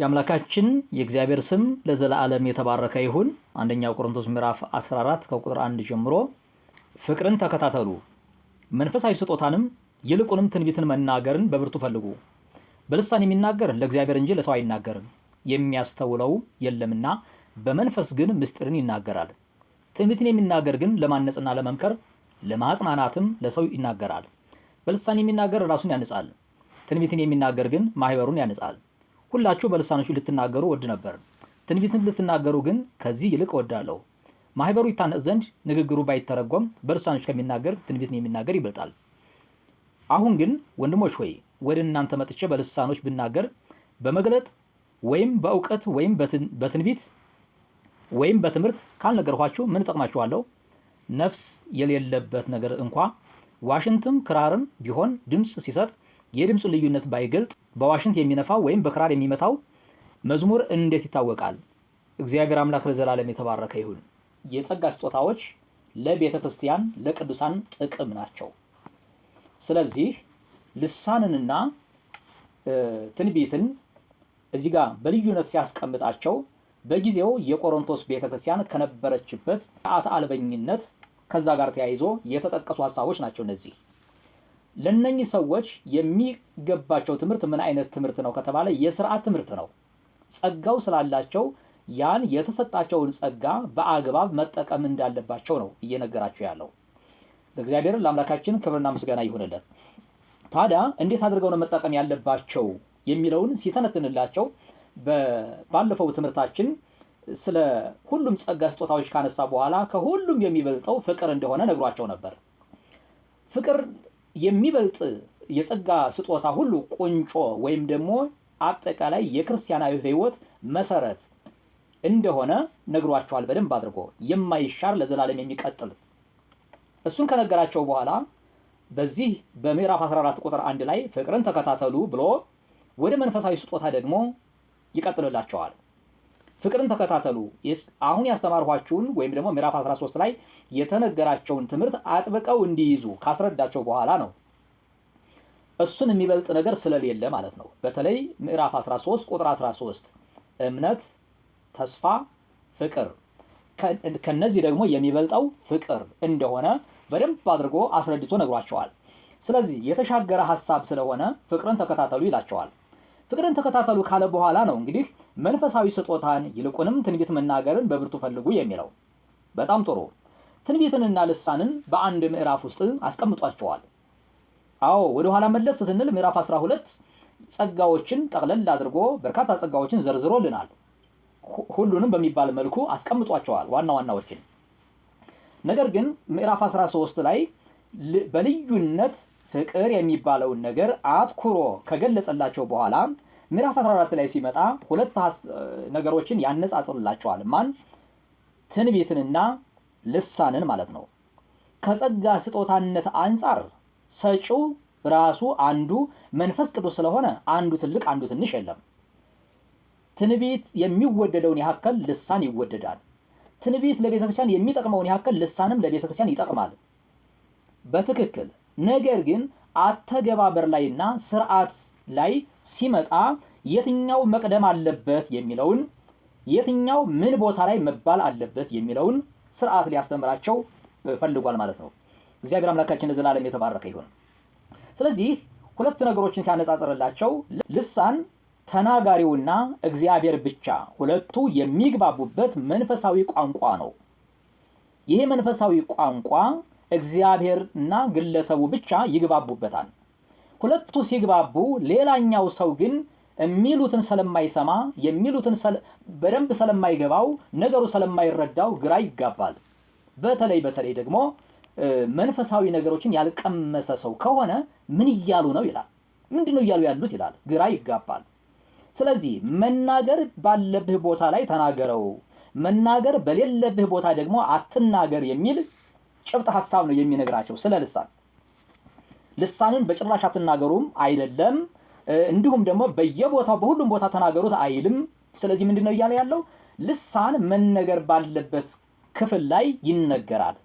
የአምላካችን የእግዚአብሔር ስም ለዘላለም የተባረከ ይሁን። አንደኛው ቆሮንቶስ ምዕራፍ 14 ከቁጥር 1 ጀምሮ ፍቅርን ተከታተሉ፣ መንፈሳዊ ስጦታንም ይልቁንም ትንቢትን መናገርን በብርቱ ፈልጉ። በልሳን የሚናገር ለእግዚአብሔር እንጂ ለሰው አይናገርም፣ የሚያስተውለው የለምና፣ በመንፈስ ግን ምስጢርን ይናገራል። ትንቢትን የሚናገር ግን ለማነጽና ለመምከር ለማጽናናትም ለሰው ይናገራል። በልሳን የሚናገር ራሱን ያንጻል፣ ትንቢትን የሚናገር ግን ማህበሩን ያንጻል። ሁላችሁ በልሳኖቹ ልትናገሩ ወድ ነበር፣ ትንቢትን ልትናገሩ ግን ከዚህ ይልቅ ወዳለሁ ማህበሩ ይታነጽ ዘንድ ንግግሩ ባይተረጎም በልሳኖች ከሚናገር ትንቢትን የሚናገር ይበልጣል። አሁን ግን ወንድሞች ሆይ ወደ እናንተ መጥቼ በልሳኖች ብናገር በመግለጥ ወይም በእውቀት ወይም በትንቢት ወይም በትምህርት ካልነገርኋችሁ ምን እጠቅማችኋለሁ? ነፍስ የሌለበት ነገር እንኳ ዋሽንትም ክራርም ቢሆን ድምፅ ሲሰጥ የድምፁ ልዩነት ባይገልጥ በዋሽንት የሚነፋው ወይም በክራር የሚመታው መዝሙር እንዴት ይታወቃል? እግዚአብሔር አምላክ ለዘላለም የተባረከ ይሁን። የጸጋ ስጦታዎች ለቤተ ክርስቲያን ለቅዱሳን ጥቅም ናቸው። ስለዚህ ልሳንንና ትንቢትን እዚህ ጋር በልዩነት ሲያስቀምጣቸው በጊዜው የቆሮንቶስ ቤተ ክርስቲያን ከነበረችበት አት አልበኝነት ከዛ ጋር ተያይዞ የተጠቀሱ ሀሳቦች ናቸው እነዚህ። ለነኚህ ሰዎች የሚገባቸው ትምህርት ምን አይነት ትምህርት ነው ከተባለ የስርዓት ትምህርት ነው። ጸጋው ስላላቸው ያን የተሰጣቸውን ጸጋ በአግባብ መጠቀም እንዳለባቸው ነው እየነገራቸው ያለው። ለእግዚአብሔር ለአምላካችን ክብርና ምስጋና ይሁንለት። ታዲያ እንዴት አድርገው ነው መጠቀም ያለባቸው የሚለውን ሲተነትንላቸው ባለፈው ትምህርታችን ስለ ሁሉም ጸጋ ስጦታዎች ካነሳ በኋላ ከሁሉም የሚበልጠው ፍቅር እንደሆነ ነግሯቸው ነበር። ፍቅር የሚበልጥ የጸጋ ስጦታ ሁሉ ቁንጮ ወይም ደግሞ አጠቃላይ የክርስቲያናዊ ሕይወት መሰረት እንደሆነ ነግሯቸዋል። በደንብ አድርጎ የማይሻር ለዘላለም የሚቀጥል እሱን ከነገራቸው በኋላ በዚህ በምዕራፍ 14 ቁጥር አንድ ላይ ፍቅርን ተከታተሉ ብሎ ወደ መንፈሳዊ ስጦታ ደግሞ ይቀጥልላቸዋል። ፍቅርን ተከታተሉ። አሁን ያስተማርኋችሁን ወይም ደግሞ ምዕራፍ 13 ላይ የተነገራቸውን ትምህርት አጥብቀው እንዲይዙ ካስረዳቸው በኋላ ነው። እሱን የሚበልጥ ነገር ስለሌለ ማለት ነው። በተለይ ምዕራፍ 13 ቁጥር 13 እምነት፣ ተስፋ፣ ፍቅር ከነዚህ ደግሞ የሚበልጠው ፍቅር እንደሆነ በደንብ አድርጎ አስረድቶ ነግሯቸዋል። ስለዚህ የተሻገረ ሀሳብ ስለሆነ ፍቅርን ተከታተሉ ይላቸዋል። ፍቅርን ተከታተሉ ካለ በኋላ ነው እንግዲህ መንፈሳዊ ስጦታን ይልቁንም ትንቢት መናገርን በብርቱ ፈልጉ የሚለው። በጣም ጥሩ። ትንቢትንና ልሳንን በአንድ ምዕራፍ ውስጥ አስቀምጧቸዋል። አዎ ወደ ኋላ መለስ ስንል ምዕራፍ 12 ጸጋዎችን ጠቅለል አድርጎ በርካታ ጸጋዎችን ዘርዝሮልናል። ሁሉንም በሚባል መልኩ አስቀምጧቸዋል ዋና ዋናዎችን። ነገር ግን ምዕራፍ 13 ላይ በልዩነት ፍቅር የሚባለውን ነገር አትኩሮ ከገለጸላቸው በኋላ ምዕራፍ 14 ላይ ሲመጣ ሁለት ነገሮችን ያነጻጽርላቸዋል። ማን ትንቢትንና ልሳንን ማለት ነው። ከጸጋ ስጦታነት አንጻር ሰጪው ራሱ አንዱ መንፈስ ቅዱስ ስለሆነ አንዱ ትልቅ አንዱ ትንሽ የለም። ትንቢት የሚወደደውን ያህል ልሳን ይወደዳል። ትንቢት ለቤተክርስቲያን የሚጠቅመውን ያህል ልሳንም ለቤተክርስቲያን ይጠቅማል። በትክክል ነገር ግን አተገባበር ላይና ስርዓት ላይ ሲመጣ የትኛው መቅደም አለበት የሚለውን የትኛው ምን ቦታ ላይ መባል አለበት የሚለውን ስርዓት ሊያስተምራቸው ፈልጓል ማለት ነው። እግዚአብሔር አምላካችን ለዘላለም የተባረከ ይሁን። ስለዚህ ሁለት ነገሮችን ሲያነጻጽርላቸው ልሳን ተናጋሪውና እግዚአብሔር ብቻ ሁለቱ የሚግባቡበት መንፈሳዊ ቋንቋ ነው። ይሄ መንፈሳዊ ቋንቋ እግዚአብሔርና ግለሰቡ ብቻ ይግባቡበታል። ሁለቱ ሲግባቡ ሌላኛው ሰው ግን የሚሉትን ስለማይሰማ የሚሉትን በደንብ ስለማይገባው ነገሩ ስለማይረዳው ግራ ይጋባል። በተለይ በተለይ ደግሞ መንፈሳዊ ነገሮችን ያልቀመሰ ሰው ከሆነ ምን እያሉ ነው ይላል። ምንድን ነው እያሉ ያሉት ይላል። ግራ ይጋባል። ስለዚህ መናገር ባለብህ ቦታ ላይ ተናገረው፣ መናገር በሌለብህ ቦታ ደግሞ አትናገር የሚል ጭብጥ ሀሳብ ነው የሚነግራቸው ስለ ልሳን። ልሳንን በጭራሽ አትናገሩም አይደለም፣ እንዲሁም ደግሞ በየቦታው በሁሉም ቦታ ተናገሩት አይልም። ስለዚህ ምንድን ነው እያለ ያለው? ልሳን መነገር ባለበት ክፍል ላይ ይነገራል።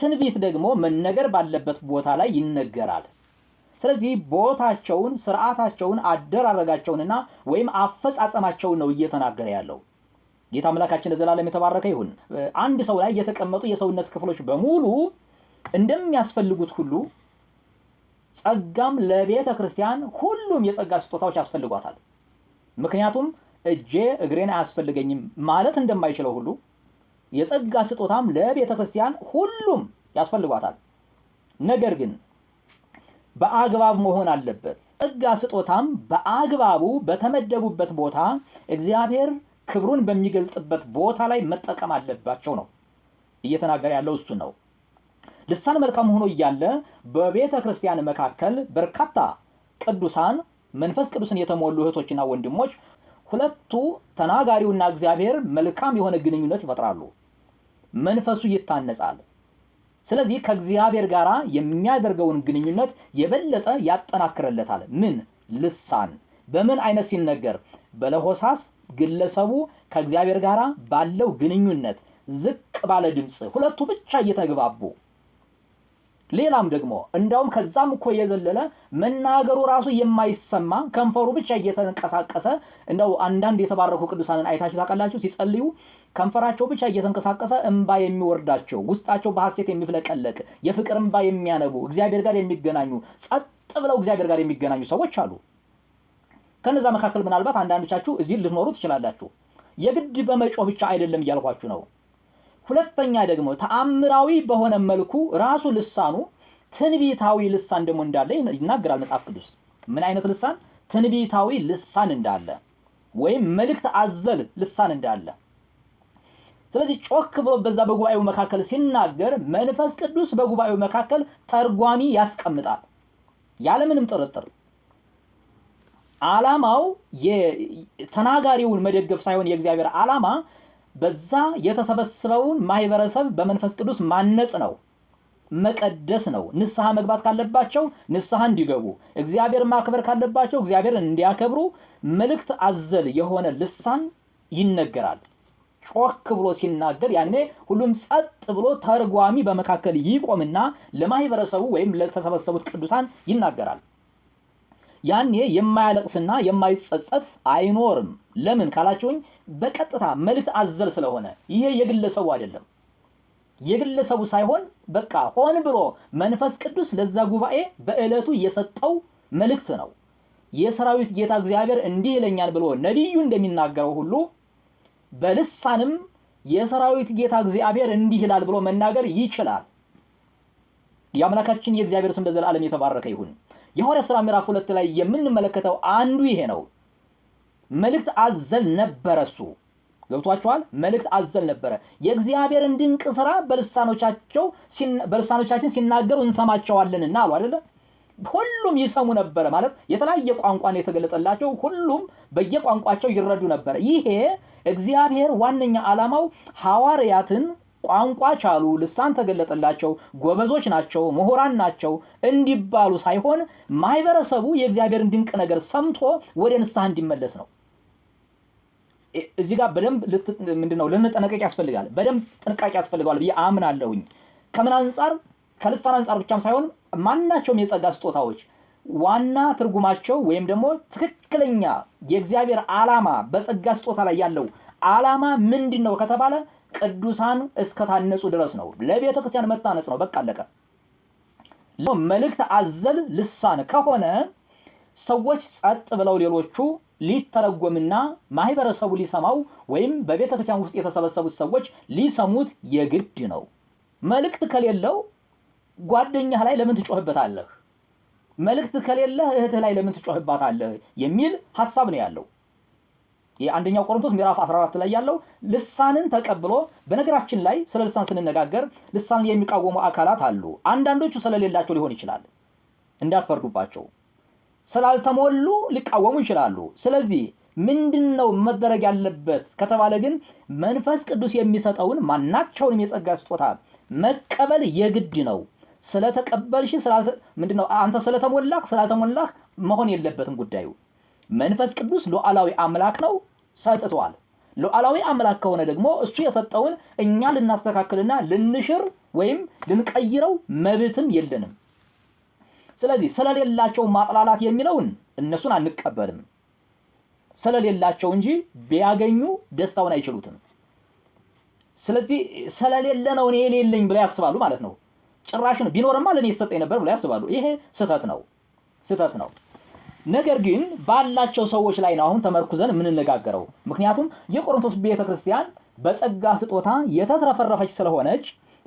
ትንቢት ደግሞ መነገር ባለበት ቦታ ላይ ይነገራል። ስለዚህ ቦታቸውን፣ ስርዓታቸውን፣ አደራረጋቸውንና ወይም አፈጻጸማቸውን ነው እየተናገረ ያለው። ጌታ አምላካችን ለዘላለም የተባረከ ይሁን። አንድ ሰው ላይ የተቀመጡ የሰውነት ክፍሎች በሙሉ እንደሚያስፈልጉት ሁሉ ጸጋም ለቤተ ክርስቲያን ሁሉም የጸጋ ስጦታዎች ያስፈልጓታል። ምክንያቱም እጄ እግሬን አያስፈልገኝም ማለት እንደማይችለው ሁሉ የጸጋ ስጦታም ለቤተ ክርስቲያን ሁሉም ያስፈልጓታል። ነገር ግን በአግባብ መሆን አለበት። ጸጋ ስጦታም በአግባቡ በተመደቡበት ቦታ እግዚአብሔር ክብሩን በሚገልጥበት ቦታ ላይ መጠቀም አለባቸው ነው እየተናገረ ያለው እሱን ነው። ልሳን መልካም ሆኖ እያለ በቤተ ክርስቲያን መካከል በርካታ ቅዱሳን መንፈስ ቅዱስን የተሞሉ እህቶችና ወንድሞች ሁለቱ ተናጋሪውና እግዚአብሔር መልካም የሆነ ግንኙነት ይፈጥራሉ። መንፈሱ ይታነጻል። ስለዚህ ከእግዚአብሔር ጋር የሚያደርገውን ግንኙነት የበለጠ ያጠናክርለታል። ምን ልሳን በምን አይነት ሲነገር በለሆሳስ ግለሰቡ ከእግዚአብሔር ጋር ባለው ግንኙነት ዝቅ ባለ ድምፅ ሁለቱ ብቻ እየተግባቡ ሌላም ደግሞ እንዳውም ከዛም እኮ የዘለለ መናገሩ ራሱ የማይሰማ ከንፈሩ ብቻ እየተንቀሳቀሰ እንደው አንዳንድ የተባረኩ ቅዱሳንን አይታችሁ ታውቃላችሁ? ሲጸልዩ ከንፈራቸው ብቻ እየተንቀሳቀሰ እንባ የሚወርዳቸው ውስጣቸው በሐሴት የሚፍለቀለቅ የፍቅር እንባ የሚያነቡ እግዚአብሔር ጋር የሚገናኙ ጸጥ ብለው እግዚአብሔር ጋር የሚገናኙ ሰዎች አሉ። ከነዛ መካከል ምናልባት አንዳንዶቻችሁ እዚህ ልትኖሩ ትችላላችሁ። የግድ በመጮህ ብቻ አይደለም እያልኳችሁ ነው። ሁለተኛ ደግሞ ተአምራዊ በሆነ መልኩ ራሱ ልሳኑ ትንቢታዊ ልሳን ደግሞ እንዳለ ይናገራል መጽሐፍ ቅዱስ። ምን አይነት ልሳን? ትንቢታዊ ልሳን እንዳለ ወይም መልእክት አዘል ልሳን እንዳለ። ስለዚህ ጮክ ብሎ በዛ በጉባኤው መካከል ሲናገር መንፈስ ቅዱስ በጉባኤው መካከል ተርጓሚ ያስቀምጣል ያለምንም ጥርጥር። ዓላማው የተናጋሪውን መደገፍ ሳይሆን የእግዚአብሔር ዓላማ በዛ የተሰበሰበውን ማህበረሰብ በመንፈስ ቅዱስ ማነጽ ነው፣ መቀደስ ነው። ንስሐ መግባት ካለባቸው ንስሐ እንዲገቡ፣ እግዚአብሔር ማክበር ካለባቸው እግዚአብሔር እንዲያከብሩ መልእክት አዘል የሆነ ልሳን ይነገራል። ጮክ ብሎ ሲናገር ያኔ ሁሉም ጸጥ ብሎ ተርጓሚ በመካከል ይቆምና ለማህበረሰቡ ወይም ለተሰበሰቡት ቅዱሳን ይናገራል። ያኔ የማያለቅስና የማይጸጸት አይኖርም። ለምን ካላችሁኝ በቀጥታ መልእክት አዘል ስለሆነ ይሄ የግለሰቡ አይደለም። የግለሰቡ ሳይሆን በቃ ሆን ብሎ መንፈስ ቅዱስ ለዛ ጉባኤ በዕለቱ የሰጠው መልእክት ነው። የሰራዊት ጌታ እግዚአብሔር እንዲህ ይለኛል ብሎ ነቢዩ እንደሚናገረው ሁሉ በልሳንም የሰራዊት ጌታ እግዚአብሔር እንዲህ ይላል ብሎ መናገር ይችላል። የአምላካችን የእግዚአብሔር ስም በዘላለም የተባረከ ይሁን። የሐዋርያ ሥራ ምዕራፍ ሁለት ላይ የምንመለከተው አንዱ ይሄ ነው። መልእክት አዘል ነበረ እሱ ገብቷችኋል። መልእክት አዘል ነበረ። የእግዚአብሔርን ድንቅ ስራ በልሳኖቻቸው በልሳኖቻችን ሲናገሩ እንሰማቸዋለንና አሉ አይደለ? ሁሉም ይሰሙ ነበረ ማለት የተለያየ ቋንቋን የተገለጠላቸው ሁሉም በየቋንቋቸው ይረዱ ነበረ። ይሄ እግዚአብሔር ዋነኛ ዓላማው ሐዋርያትን ቋንቋ ቻሉ፣ ልሳን ተገለጠላቸው፣ ጎበዞች ናቸው፣ ምሁራን ናቸው እንዲባሉ ሳይሆን ማህበረሰቡ የእግዚአብሔርን ድንቅ ነገር ሰምቶ ወደ ንስሐ እንዲመለስ ነው። እዚህ ጋር በደንብ ምንድነው ልንጠነቀቅ ያስፈልጋል። በደንብ ጥንቃቄ ያስፈልገዋል ብዬ አምናለሁኝ። ከምን አንጻር? ከልሳን አንጻር ብቻም ሳይሆን ማናቸውም የጸጋ ስጦታዎች ዋና ትርጉማቸው ወይም ደግሞ ትክክለኛ የእግዚአብሔር ዓላማ በጸጋ ስጦታ ላይ ያለው ዓላማ ምንድን ነው ከተባለ ቅዱሳን እስከታነጹ ድረስ ነው። ለቤተ ክርስቲያን መታነጽ ነው። በቃ አለቀ። መልእክት አዘል ልሳን ከሆነ ሰዎች ጸጥ ብለው ሌሎቹ ሊተረጎምና ማህበረሰቡ ሊሰማው ወይም በቤተ ክርስቲያን ውስጥ የተሰበሰቡት ሰዎች ሊሰሙት የግድ ነው። መልእክት ከሌለው ጓደኛህ ላይ ለምን ትጮህበታለህ? መልእክት ከሌለህ እህትህ ላይ ለምን ትጮህባታለህ? የሚል ሀሳብ ነው ያለው። የአንደኛው ቆሮንቶስ ምዕራፍ 14 ላይ ያለው ልሳንን ተቀብሎ በነገራችን ላይ ስለ ልሳን ስንነጋገር ልሳንን የሚቃወሙ አካላት አሉ። አንዳንዶቹ ስለሌላቸው ሊሆን ይችላል፣ እንዳትፈርዱባቸው። ስላልተሞሉ ሊቃወሙ ይችላሉ። ስለዚህ ምንድን ነው መደረግ ያለበት ከተባለ ግን መንፈስ ቅዱስ የሚሰጠውን ማናቸውንም የጸጋ ስጦታ መቀበል የግድ ነው። ስለተቀበልሽ ምንድን ነው አንተ ስለተሞላህ ስላልተሞላህ መሆን የለበትም ጉዳዩ መንፈስ ቅዱስ ሉዓላዊ አምላክ ነው፣ ሰጥቷል። ሉዓላዊ አምላክ ከሆነ ደግሞ እሱ የሰጠውን እኛ ልናስተካክልና ልንሽር ወይም ልንቀይረው መብትም የለንም። ስለዚህ ስለሌላቸው ማጥላላት የሚለውን እነሱን አንቀበልም። ስለሌላቸው እንጂ ቢያገኙ ደስታውን አይችሉትም። ስለዚህ ስለሌለ ነው እኔ የሌለኝ ብለው ያስባሉ ማለት ነው። ጭራሽ ነው ቢኖርማ ለእኔ ይሰጠኝ ነበር ብለው ያስባሉ። ይሄ ስህተት ነው፣ ስህተት ነው። ነገር ግን ባላቸው ሰዎች ላይ ነው አሁን ተመርኩዘን የምንነጋገረው። ምክንያቱም የቆሮንቶስ ቤተ ክርስቲያን በጸጋ ስጦታ የተትረፈረፈች ስለሆነች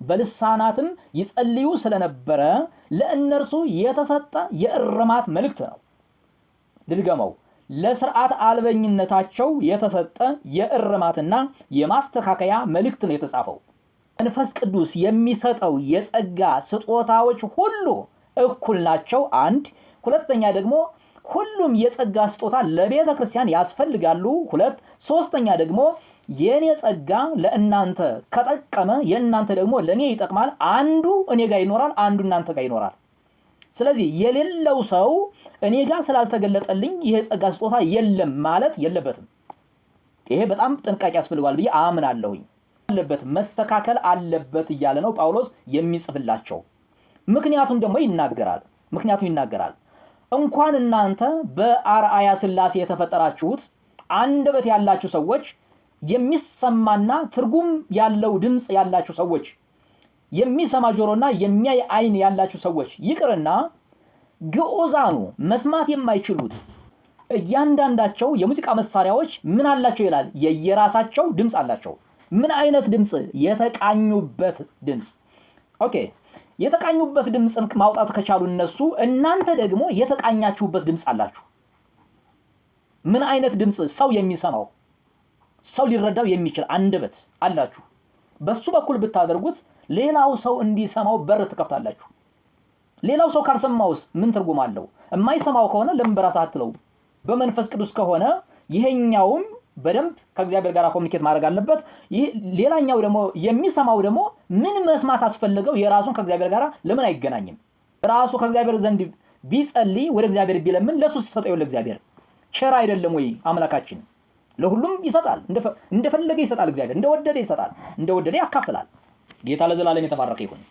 በልሳናትም ይጸልዩ ስለነበረ ለእነርሱ የተሰጠ የእርማት መልእክት ነው። ልድገመው። ለስርዓት አልበኝነታቸው የተሰጠ የእርማትና የማስተካከያ መልእክት ነው የተጻፈው። መንፈስ ቅዱስ የሚሰጠው የጸጋ ስጦታዎች ሁሉ እኩል ናቸው። አንድ ሁለተኛ ደግሞ ሁሉም የጸጋ ስጦታ ለቤተ ክርስቲያን ያስፈልጋሉ። ሁለት ሶስተኛ ደግሞ የኔ ጸጋ ለእናንተ ከጠቀመ የእናንተ ደግሞ ለኔ ይጠቅማል። አንዱ እኔ ጋር ይኖራል፣ አንዱ እናንተ ጋር ይኖራል። ስለዚህ የሌለው ሰው እኔ ጋር ስላልተገለጠልኝ ይሄ ጸጋ ስጦታ የለም ማለት የለበትም። ይሄ በጣም ጥንቃቄ ያስፈልገዋል ብዬ አምናለሁኝ። አለበት መስተካከል አለበት እያለ ነው ጳውሎስ የሚጽፍላቸው። ምክንያቱም ደግሞ ይናገራል ምክንያቱም ይናገራል እንኳን እናንተ በአርአያ ስላሴ የተፈጠራችሁት አንደበት ያላችሁ ሰዎች፣ የሚሰማና ትርጉም ያለው ድምፅ ያላችሁ ሰዎች፣ የሚሰማ ጆሮና የሚያይ አይን ያላችሁ ሰዎች ይቅርና ግዑዛኑ መስማት የማይችሉት እያንዳንዳቸው የሙዚቃ መሳሪያዎች ምን አላቸው ይላል? የየራሳቸው ድምፅ አላቸው። ምን አይነት ድምፅ? የተቃኙበት ድምፅ። ኦኬ የተቃኙበት ድምፅ ማውጣት ከቻሉ እነሱ እናንተ ደግሞ የተቃኛችሁበት ድምፅ አላችሁ። ምን አይነት ድምፅ? ሰው የሚሰማው ሰው ሊረዳው የሚችል አንደበት አላችሁ። በሱ በኩል ብታደርጉት ሌላው ሰው እንዲሰማው በር ትከፍታላችሁ። ሌላው ሰው ካልሰማውስ ምን ትርጉም አለው? የማይሰማው ከሆነ ለምን በራስህ አትለውም? በመንፈስ ቅዱስ ከሆነ ይሄኛውም በደንብ ከእግዚአብሔር ጋር ኮሚኒኬት ማድረግ አለበት። ይህ ሌላኛው ደግሞ የሚሰማው ደግሞ ምን መስማት አስፈለገው? የራሱን ከእግዚአብሔር ጋር ለምን አይገናኝም? ራሱ ከእግዚአብሔር ዘንድ ቢጸልይ ወደ እግዚአብሔር ቢለምን ለሱ ሲሰጠው ለእግዚአብሔር ቸር አይደለም ወይ አምላካችን? ለሁሉም ይሰጣል፣ እንደፈለገ ይሰጣል። እግዚአብሔር እንደወደደ ይሰጣል፣ እንደወደደ ያካፍላል። ጌታ ለዘላለም የተባረከ ይሁን።